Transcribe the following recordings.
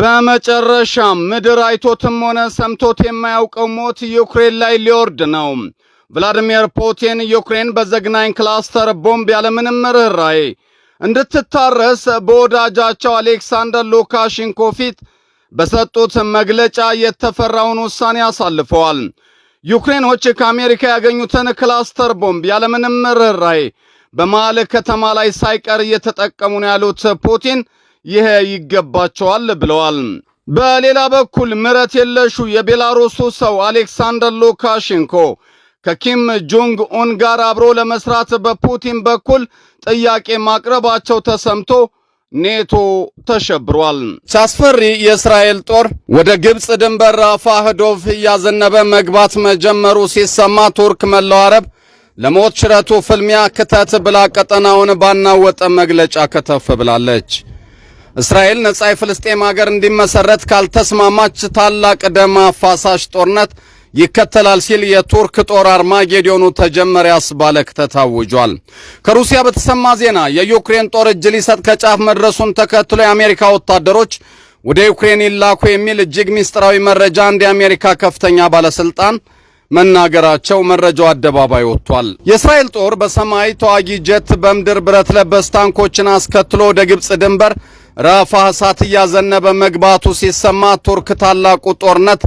በመጨረሻም ምድር አይቶትም ሆነ ሰምቶት የማያውቀው ሞት ዩክሬን ላይ ሊወርድ ነው። ቭላዲሚር ፑቲን ዩክሬን በዘግናኝ ክላስተር ቦምብ ያለምንም ርኅራኄ እንድትታረስ በወዳጃቸው አሌክሳንደር ሉካሽንኮ ፊት በሰጡት መግለጫ የተፈራውን ውሳኔ አሳልፈዋል። ዩክሬኖች ከአሜሪካ ያገኙትን ክላስተር ቦምብ ያለምንም ርኅራኄ በመሃል ከተማ ላይ ሳይቀር እየተጠቀሙ ነው ያሉት ፑቲን ይሄ ይገባቸዋል ብለዋል። በሌላ በኩል ምረት የለሹ የቤላሩሱ ሰው አሌክሳንደር ሉካሼንኮ ከኪም ጆንግ ኡን ጋር አብሮ ለመስራት በፑቲን በኩል ጥያቄ ማቅረባቸው ተሰምቶ ኔቶ ተሸብሯል። ሲያስፈሪ የእስራኤል ጦር ወደ ግብፅ ድንበር ራፋህ ዶፍ እያዘነበ መግባት መጀመሩ ሲሰማ ቱርክ መላው አረብ ለሞት ሽረቱ ፍልሚያ ክተት ብላ ቀጠናውን ባናወጠ መግለጫ ከተፍ ብላለች። እስራኤል ነጻ የፍልስጤም ሀገር እንዲመሰረት ካልተስማማች ታላቅ ደም አፋሳሽ ጦርነት ይከተላል ሲል የቱርክ ጦር አርማጌዶኑ ተጀመረ ያስባለ ክተት ከሩሲያ በተሰማ ዜና የዩክሬን ጦር እጅ ሊሰጥ ከጫፍ መድረሱን ተከትሎ የአሜሪካ ወታደሮች ወደ ዩክሬን ይላኩ የሚል እጅግ ምስጢራዊ መረጃ አንድ የአሜሪካ ከፍተኛ ባለስልጣን መናገራቸው መረጃው አደባባይ ወጥቷል። የእስራኤል ጦር በሰማይ ተዋጊ ጀት፣ በምድር ብረት ለበስ ታንኮችን አስከትሎ ወደ ግብፅ ድንበር ረፋ እሳት እያዘነበ መግባቱ ሲሰማ ቱርክ ታላቁ ጦርነት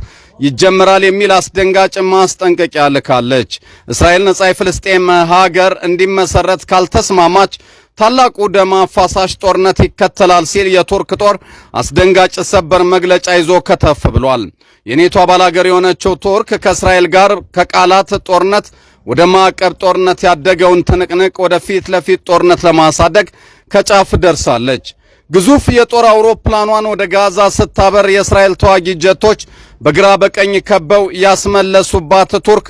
ይጀምራል የሚል አስደንጋጭ ማስጠንቀቂያ ልካለች። እስራኤል ነጻ የፍልስጤም ሀገር እንዲመሰረት ካልተስማማች ታላቁ ደም አፋሳሽ ጦርነት ይከተላል ሲል የቱርክ ጦር አስደንጋጭ ሰበር መግለጫ ይዞ ከተፍ ብሏል። የኔቶ አባል ሀገር የሆነችው ቱርክ ከእስራኤል ጋር ከቃላት ጦርነት ወደ ማዕቀብ ጦርነት ያደገውን ትንቅንቅ ወደ ፊት ለፊት ጦርነት ለማሳደግ ከጫፍ ደርሳለች። ግዙፍ የጦር አውሮፕላኗን ወደ ጋዛ ስታበር የእስራኤል ተዋጊ ጀቶች በግራ በቀኝ ከበው ያስመለሱባት ቱርክ